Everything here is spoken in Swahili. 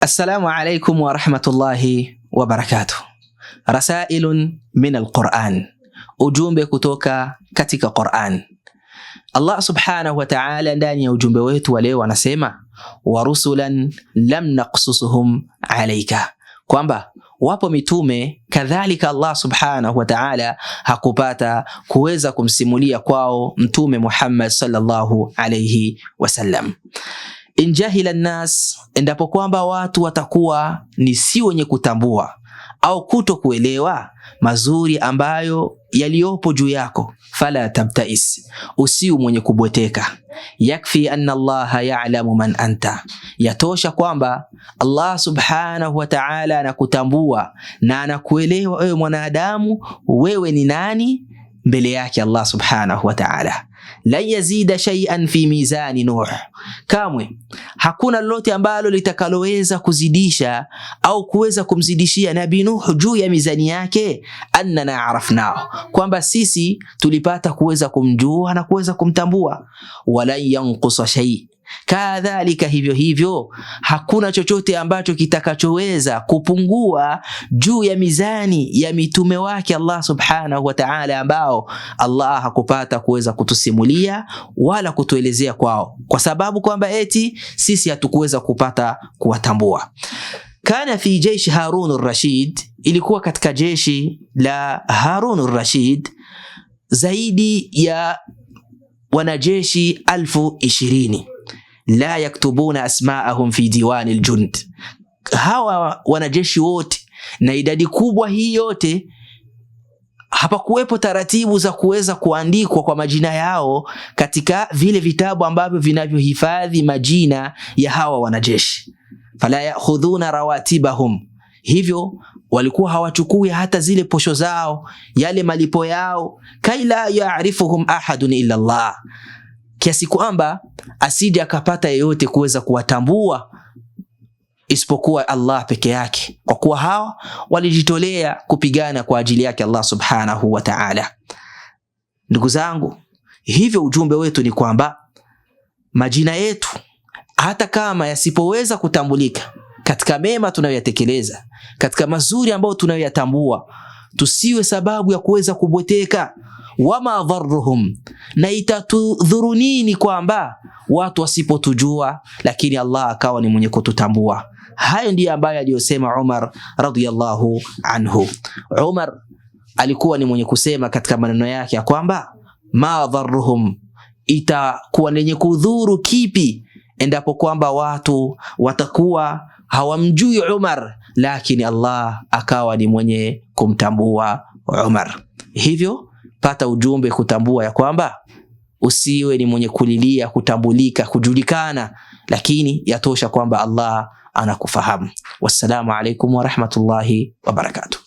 Assalamu alaikum warahmatullahi wabarakatuh. Rasailun min alquran, ujumbe kutoka katika Quran. Allah subhanahu wa ta'ala ndani ya ujumbe wetu wa leo anasema wa rusulan lam naqsusuhum alaika, kwamba wapo mitume kadhalika. Allah subhanahu wa hakupata kuweza kumsimulia kwao mtume Muhammad sallallahu alayhi wasallam injahila nnas, endapo kwamba watu watakuwa ni si wenye kutambua au kuto kuelewa mazuri ambayo yaliyopo juu yako, fala tabtais, usiu mwenye kubweteka. Yakfi anna Allaha ya'lamu man anta, yatosha kwamba Allah subhanahu wa ta'ala anakutambua na anakuelewa wewe mwanadamu, wewe ni nani mbele yake Allah subhanahu wa ta'ala, lan yazida shay'an fi mizani Nuh, kamwe hakuna lolote ambalo litakaloweza kuzidisha au kuweza kumzidishia nabi Nuh juu ya mizani yake. Annana arafnahu, kwamba sisi tulipata kuweza kumjua na kuweza kumtambua. Walan yanqusa shay Kadhalika hivyo hivyo, hakuna chochote ambacho kitakachoweza kupungua juu ya mizani ya mitume wake Allah subhanahu wa ta'ala, ambao Allah hakupata kuweza kutusimulia wala kutuelezea kwao, kwa sababu kwamba eti sisi hatukuweza kupata kuwatambua. Kana fi jeishi Harun ar-Rashid, ilikuwa katika jeshi la Harun ar-Rashid zaidi ya wanajeshi alfu ishirini la yaktubuna asmaahum fi diwani aljund, hawa wanajeshi wote na idadi kubwa hii yote hapakuwepo taratibu za kuweza kuandikwa kwa majina yao katika vile vitabu ambavyo vinavyohifadhi majina ya hawa wanajeshi. Fala yakhudhuna rawatibahum, hivyo walikuwa hawachukui hata zile posho zao, yale malipo yao. Kaila yaarifuhum ahadun illa Allah, kiasi kwamba asije akapata yeyote kuweza kuwatambua isipokuwa Allah peke yake, kwa kuwa hawa walijitolea kupigana kwa ajili yake Allah subhanahu wa ta'ala. Ndugu zangu, hivyo ujumbe wetu ni kwamba majina yetu hata kama yasipoweza kutambulika katika mema tunayoyatekeleza, katika mazuri ambayo tunayoyatambua, tusiwe sababu ya kuweza kubweteka wama dharruhum, na itatudhuru nini kwamba watu wasipotujua, lakini Allah akawa ni mwenye kututambua. Hayo ndiyo ambayo aliyosema Umar radhiyallahu anhu. Umar alikuwa ni mwenye kusema katika maneno yake ya kwamba ma dharruhum, itakuwa lenye kudhuru kipi endapo kwamba watu watakuwa hawamjui Umar, lakini Allah akawa ni mwenye kumtambua Umar hivyo pata ujumbe kutambua ya kwamba usiwe ni mwenye kulilia kutambulika, kujulikana, lakini yatosha kwamba Allah anakufahamu. Wassalamu alaikum warahmatullahi wabarakatu